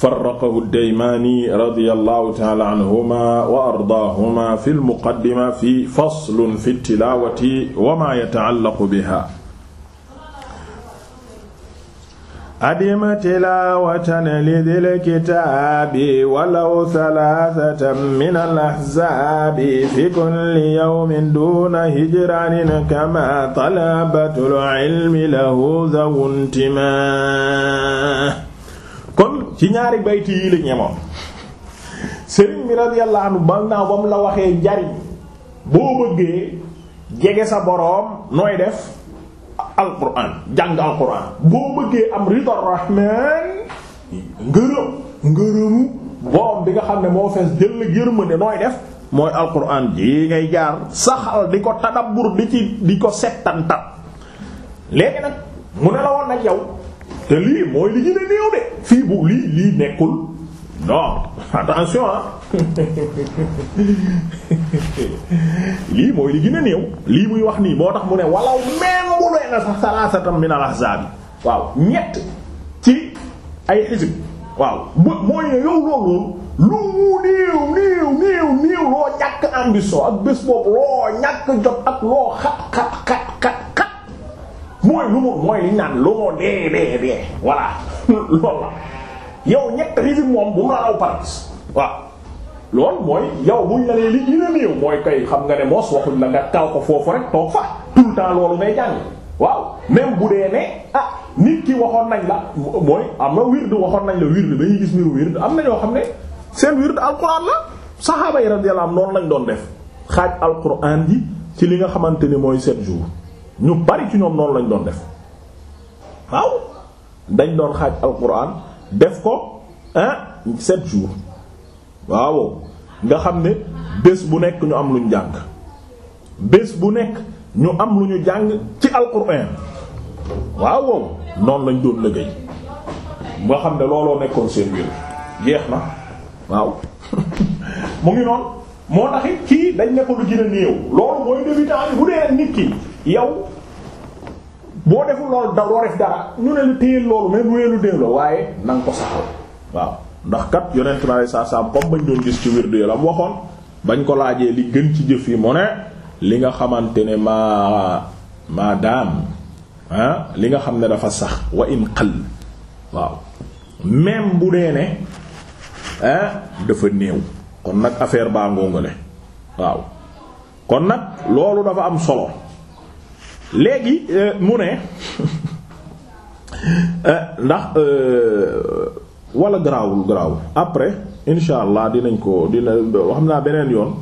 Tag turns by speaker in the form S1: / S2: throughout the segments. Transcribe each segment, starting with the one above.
S1: farraqahu daymaani radiyallahu taala anhuma wa ardaahuma fi lmuqaddima fi faslun fi tilaawati wa maa yataallaqu biha adima tilaawatan lidil kitaabi walaw thalathatan min al-ahzaabi fi kulli yawmin duuna hijranin kama talabatul ilmi lahu dhawu intimaa ci ñaari bayti yii la ñemoon sëriñ bi radiyallahu anhu ba naa ba mu la waxee njariñ boo bëggee jege sa boroom nooy def alquran jàng alquran boo bëggee am ridar rahman ngërëm bi nga xam ne moo fees jël la yërmande nooy def mooy alquran ji ngay jaar saxal di ko tadabbur di ci di ko settantal léegi nag mu ne la woon nag yow te lii mooy li gën a néew de fii bu lii lii nekkul non attention ah lii mooy li gën a néew lii muy wax nii moo tax mu ne walaw même bu na sax salaasatan min al-ahzaab waaw ñett ci ay xisib waaw mooy ne yow loolu lu mu néew néew néew néew loo ñàkk ambition ak bés boobu loo ñàkk jot ak loo xat xat xat xat mooy lu ma mooy liñ naan lu ma dee dee dee voilà loolu la yow ñett visite moom bu mu raw par gis waaw loolu mooy yow buñ la li gën a mooy kay xam nga ne moos waxuñ la nga taw ko foofu rek toog fa tout le temps loolu ngay jàng waaw même bu dee ne ah nit ki waxoon nañ la mooy am na wird waxoon nañ la wird dañuy gis mbiru wird am na ñoo xam ne seen wird alquran la saxaaba yi radiyallahu anhum noonu lañ doon def xaaj alquran yi ci li nga xamante ni mooy sept jours ñu bari ci ñoom noonu lañ doon def waaw dañ doon xaaj alquran def ko ah sept jours waaw nga xam ne bés bu nekk ñu am lu ñu jàng bés bu nekk ñu am lu ñu jàng ci alquran waaw noonu lañ doon liggéey nga xam ne looloo nekkoon seen wér jeex na waaw mu ngi noonu moo tax kii dañ ne ko lu gën a néew loolu mooy débutant bi bu dee nit ki yow boo deful loolu da doo dara ñu ne lu téye loolu même wéy lu néew la waaye na ko saxal waaw ndax kat yonent bi alayhi salaam comme bañ doon gis ci wirdu yi la waxoon bañ ko laajee li gën ci jëf yi mu ne li nga xamante ne maa maa daam ah, li nga xam ne dafa sax wa in qal waaw même bu dee ne ah, dafa néew. kon nag affaire baa ngongole waaw kon nag loolu dafa am solo léegi euh, mu ne euh, ndax euh, wala garaawul garaawul après insha allah dinañ ko dina xam naa beneen yoon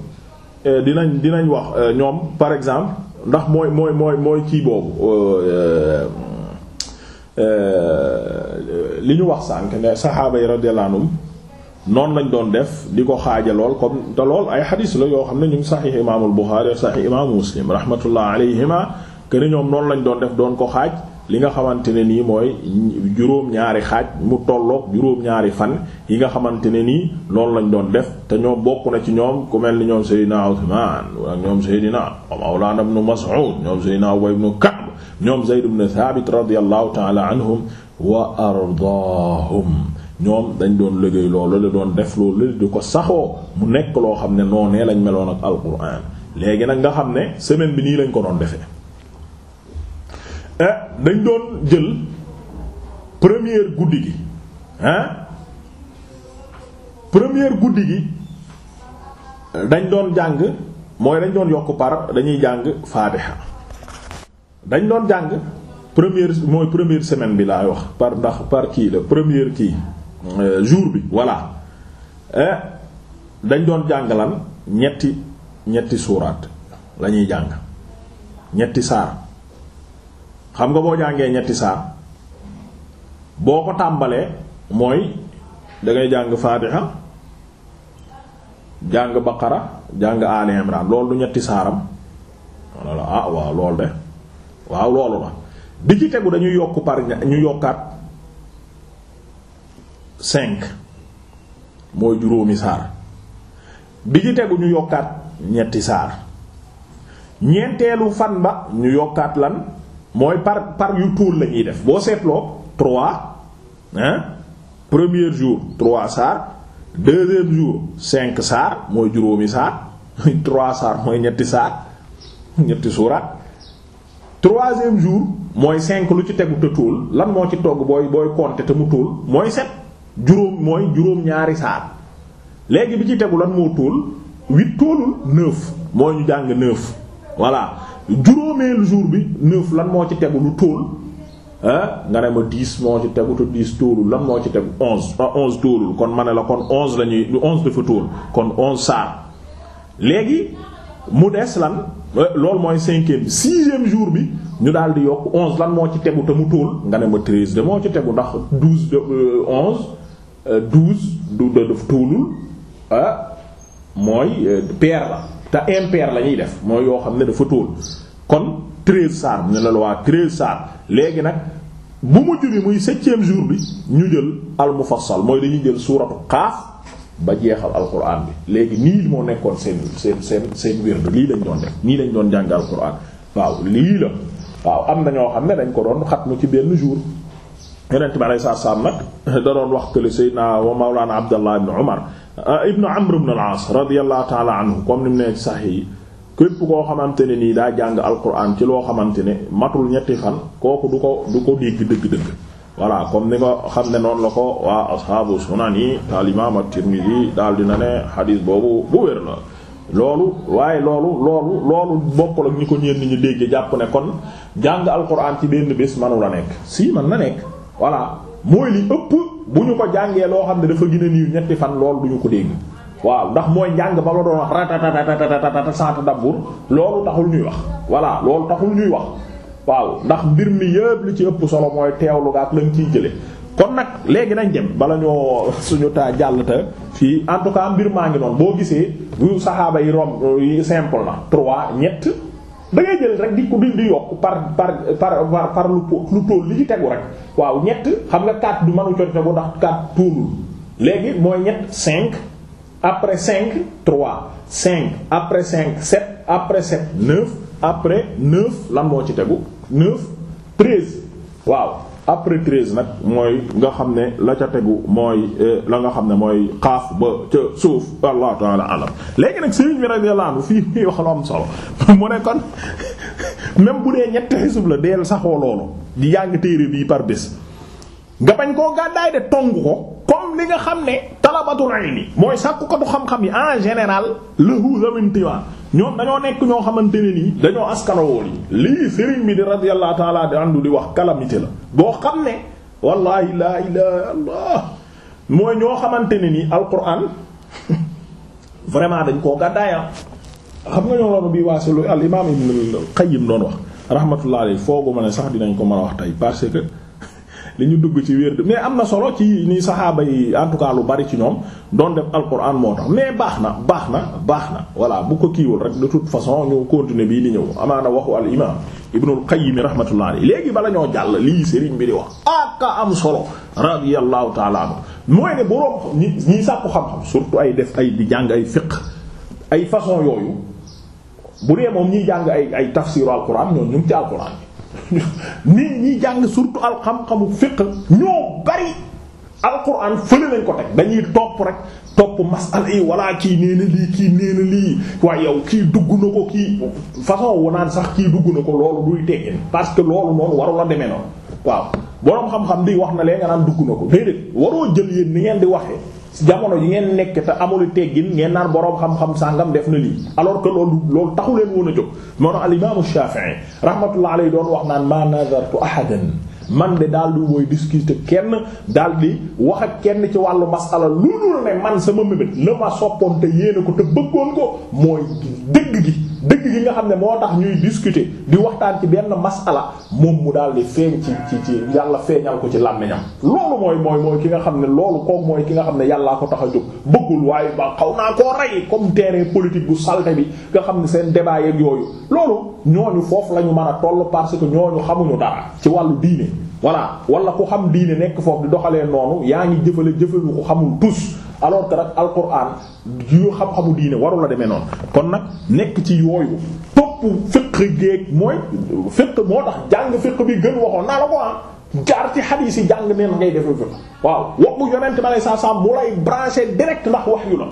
S1: dinañ dinañ wax ñoom par exemple ndax mooy mooy mooy mooy kii boobu li ñu wax sànk ne saxaaba yi radiyallahu noonu lañ doon def di ko xaaja lool comme te lool ay xadis la yoo xam ne ñu ngi saxiix imaamul Buxaari ak saxiix imaamu Muslim rahmatullah alayhima kene ñoom noonu lañ doon def doon ko xaaj li nga xamante ne nii mooy juróom-ñaari xaaj mu tolloog juróom-ñaari fan yi nga xamante ne nii loolu lañ doon def te ñoo bokk na ci ñoom ku mel ni ñoom Seydina Usmaan ak ñoom Seydina Mawlaana ibnu Mas'ud ñoom Seydina Ubay ñoom Zayd ibnu Thaabit radiyallahu ta'ala anhum wa ardaahum ñoom dañ doon liggéey loolu la doon def loolu la du ko saxoo mu nekk loo xam ne noonee lañ meloon ak alquran léegi nag nga xam ne semaine bi nii lañ ko doon defee. Eh, dañ doon jël première guddi gi guddi gi dañ doon jàng mooy dañ doon yokk par dañuy jàng faatiha dañ doon jàng première mooy première semaine bi laay wax par ndax par kii la première kii Euh, jour bi voilà eh, dañ doon jàngalan ñetti ñetti suuraat lañuy ñuy jàng ñetti saar xam nga boo jàngee ñetti saar boo ko tàmbalee mooy dangay jàng faatiha jàng baqara jàng ali imran loolu du ñetti saaram walla ah waaw loolu de waaw loolu la bi ci tegu dañuy yokk par ñu yokkaat cinq mooy juróomi saar bi ci tegu ñu yokkaat ñetti saar ñeenteelu fan ba ñu yokkaat lan mooy par par yu tuul la ñuy def boo seetloo trois hein premier jour trois saar deuxième jour cinq saar mooy juróomi saar trois saar mooy ñetti saar ñetti suuraat troisième jour mooy cinq lu ci tegu te tuul lan moo ci togg booy booy compter te mu tuul mooy sept juróom mooy juróom-ñaari saar léegi bi ci tegu lan moo tóol huit tóolul neuf moo ñu jàng neuf voilà juróomeelu jour bi neuf lan moo ci tegu lu tóol ah nga ne ma dix moo ci tegu te dix tóolul lan moo ci tegu onze ah, onze tóolul kon ma ne la kon onze la ñuy onze dafa tóol kon onze saar léegi mu des lan euh, loolu mooy cinquième sixième jour bi ñu daal di yokk onze lan moo ci tegu te mu tóol nga ne ma treize de moo ci tegu ndax douze de euh, onze Euh, douze du def tuulul ah mooy euh, per la te impaire la ñuy def mooy yoo xam ne dafa tóol kon treize saar ne la la waa treize saar léegi nag bu mujj bi muy septième jour bi ñu jël al mufassal mooy dañuy jël suuratu xaaf ba jeexal alquran bi léegi nii moo nekkoon seen seen seen seen wird lii lañ doon def nii lañ doon jàng alquran waaw lii la waaw am na ñoo xam ne dañ ko doon xatmu ci benn jour yonent bi alayhi salaam nag da doon wax kële Seydina wa Mawlana Abdallah ibn Umar ah, ibn Amr ibn al-As radiyallahu anhu comme ni mu nekk sax yi képp koo xamante ne nii daa jàng alquran ci loo xamante ne matul ñetti fan kooku du ko du ko dégg dëgg-dëgg voilà comme ni nga xam ne noonu la ko waa ashaabu sunan yi taal imaam at-Tirmidhi daal dina ne xadiis boobu bu wér la loolu waaye loolu loolu loolu bokkul ak ñi ko ñeen ñi dégg jàpp ne kon jàng alquran ci benn bés manu la nekk si man na voilà mooy li ëpp bu ñu ko jàngee loo xam ne dafa gën a ñetti fan loolu duñu ko dégg waaw ndax mooy njàng ba la doon wax ratatatatatatatata sant dabur loolu taxul ñuy wax voilà loolu taxul ñuy wax waaw ndax mbir mi yëpp li ci ëpp solo mooy teewlu ga ak lañ ciy jële kon nag léegi nañ dem bala ñoo suñu ta jàll ta fii en tout cas mbir maa ngi noonu boo gisee bu saxaaba yi rom simple na trois ñett da ngay jël rek di ko di di yokk par par par par lu lu tóol li ci tegu rek waaw ñett xam nga 4 du mënu coono bu ndax 4 tóolul léegi mooy ñett cinq après 5 3 5 après 5 7 après 7 9 après 9 lan moo ci tegu 9 13 waaw. après treize nag mooy nga xam ne la ca tegu mooy euh, la nga xam ne mooy xaaf ba ca suuf allah taala alam léegi nag sëriñ bi radiyallahu anhu fii muy wax lu am solo mu ne kon bu dee ñett xisub la deel saxoo loolu di jàng téere bii par bés nga bañ koo gàddaay de tong ko comme li nga xam ne talabatul ilmi mooy sàkkukatu xam-xam yi en général lahu zawintiwa ñoom dañoo nekk ñoo xamante ni nii dañoo askanawoo lii lii sëriñ bi di radiyallahu ta'ala di wax calamité la boo xam ne wallahi laa ilaha allah mooy ñoo xamante ni nii alquran vraiment dañ koo gàddaaya ah. xam nga ñoo loolu bi waase lu al imam ibn qayyim doon wax rahmatullah fooguma ne sax dinañ ko mën a wax tey parce que li ñu dugg ci wér mais am na solo ci ni saxaaba yi en tout cas lu bari ci ñoom doon def alquran moo tax mais baax na baax na baax na voilà bu ko kiiwul rek de toute façon ñu continuer bii di ñëw amaana waxu al imam ibnul qayyim rahmatullah alayhi léegi bala ñoo jàll lii sëriñ bi di wax aka am solo radiyallahu ta'ala anhu mooy ne boroom ñi ñiy sàkku xam-xam surtout ay def ay di jàng ay fiqh ay façon yooyu bu dee moom ñiy jàng ay ay tafsiru alquran ñoom ñu ngi ci alquran nit ñi jàng surtout al xam-xamu fiqh ñoo bari alquran fële lañ ko teg dañuy topp rek topp masala yi walla kii nee na lii kii nee na lii waaye yow kii dugg na ko kii façon wanaan sax kii dugg na ko loolu duy teggin parce que loolu noonu waru la demee noonu waaw boroom xam-xam di wax na lee nga naan dugg na ko déedéet waroo jël yéen ni ngeen di waxee jamono yi ngeen nekk te amul teggin ngeen naan boroom xam-xam sàngam def na lii alors que loolu loolu taxu leen woon a jóg moo tax al imaamu Shaafi'i rahmatullah doon wax naan ma nazartu ahadan man de daal di mooy discuter kenn daal di wax ak kenn ci wàllu masala lu dul ne man sama mébét la ma soppoon te yéene ko te bëggoon ko mooy dëgg gi dëgg gi nga xam ne moo tax ñuy discuter di waxtaan ci benn masala moom mu daal di feeñ ci ci ci yàlla feeñal ko ci làmmiñam loolu mooy mooy ki nga xam ne loolu koog mooy ki nga xam ne yàllaa ko tax a jóg bëggul waaye ba xaw naa koo rey comme terrain politique bu salte bi nga xam ne seen débat yeeg yooyu loolu ñooñu foofu la ñu mën a toll parce que ñooñu xamuñu dara ci wàllu diine voilà wala ku xam diine nekk foofu di doxalee noonu yaa ngi jëfale jëfalu xamul tus alors que nag alquran yu xam-xamu diine waru la demee noonu kon nag nekk ci yooyu topp fiq géeg mooy fiq moo tax jàng fiq bi gën waxoon naa la ko ah jaar ci xadiis si jàng neen ngay defe fiq waaw waxu yonent ma lay saa saa mu lay branché direct ndax wax yu la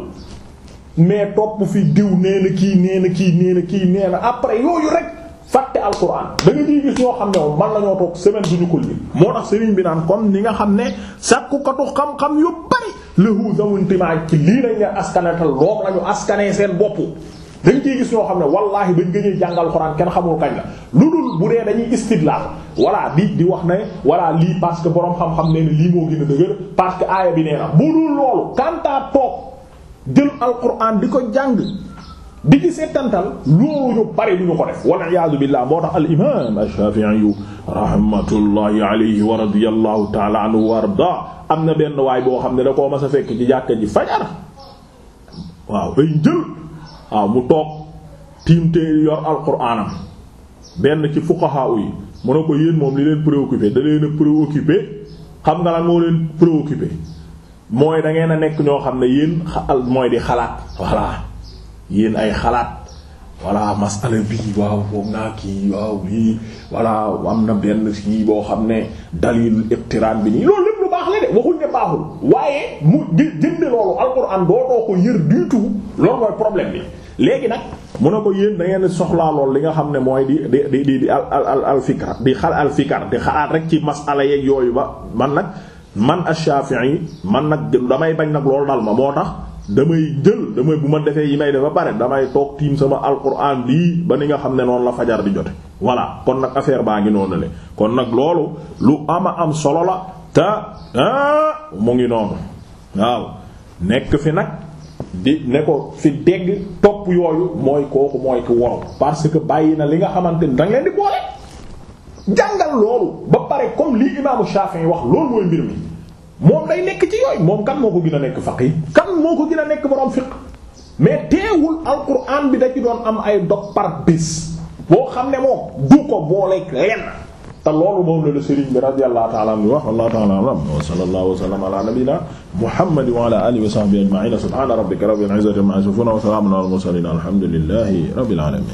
S1: mais topp fi diw nee na kii nee na kii nee na kii nee na après yooyu rek fàtte alquran da nga di gis ñoo xam ne moom man la ñoo toog semaine du ñu ko moo tax sëriñ bi naan kon ni nga xam ne sàkkukatu xam-xam yu lahu zawintimaaj ci lii lañ leen askanetal loom lañu askanee seen bopp dañ ciy gis ñoo xam ne wallaahi bañ gëjee jàngal xuraan kenn xamul kañ la lu dul bu dee dañuy istidlaal voilà di di wax ne voilà lii parce que boroom xam-xam ne lii moo gën a dëgër parce que aaya bi nee na bu dul loolu kantaa toog jël alxuraan di ko jàng di ci seetantal loolu ñu bari ñu ko def wal iyaadu billah moo tax al imaam ash-Shafi'i wa radiyallahu ta'ala wa arda am na benn waay boo xam ne da koo mas a fekk ci jàkka ji fajar waaw ay njël waaw mu toog tiim téere yor alquraanam benn ci fuqaha yi mu ne ko yéen moom li leen préoccupé da leen a préoccupé xam nga lan moo leen préoccupé mooy da a nekk ñoo xam ne yéen mooy di xalaat voilà yéen ay xalaat voilà masala bii waaw foog naa kii waaw lii voilà am na benn kii boo xam ne dalilul iqtiraan bi nii loolu lépp lu baax la de waxuñ ne baaxul waaye mu jënde loolu ko yër du tout lool li nga xam ne mooy di di di di al al al fikra di xal al fikar di xalaat rek ci masala yooyu ba man nag man ash-Shafi'i man nag damay bañ nag loolu dal ma moo tax damay jël damay bu ma defee yi may def ba pare damay toog tiim sama alquran lii ba ni nga xam ne noonu la fajar di jote voilà kon nag affaire baa ngi noonu le kon nag loolu lu ama am solo la te ah, mu ngi noonu waaw nekk fi nag di ne ko fi dégg topp yooyu mooy kooku mooy ki waru parce que bàyyi na li nga xamante ni danga leen di boole jàngal loolu ba pare comme li imaamu Shafi'i wax loolu mooy mbir mi moom day nekk ci yooyu moom kan moo ko gën a nekk faqih kan moo ko gën a nekk borom fiqh mais teewul alquran bi da ci doon am ay dog par bis boo xam ne moom du ko booleeg lenn te loolu moom la la sëriñ bi radiyallahu ta'ala anhu wax wallahu ta'ala a'lam wa sallallahu wa sallama ala nabiyyina muhammad wa ala alihi wa sahbihi ajma'in subhana rabbika rabbil izzati amma yasifun wa salamun ala al mursalin alhamdulillahi rabbil alamin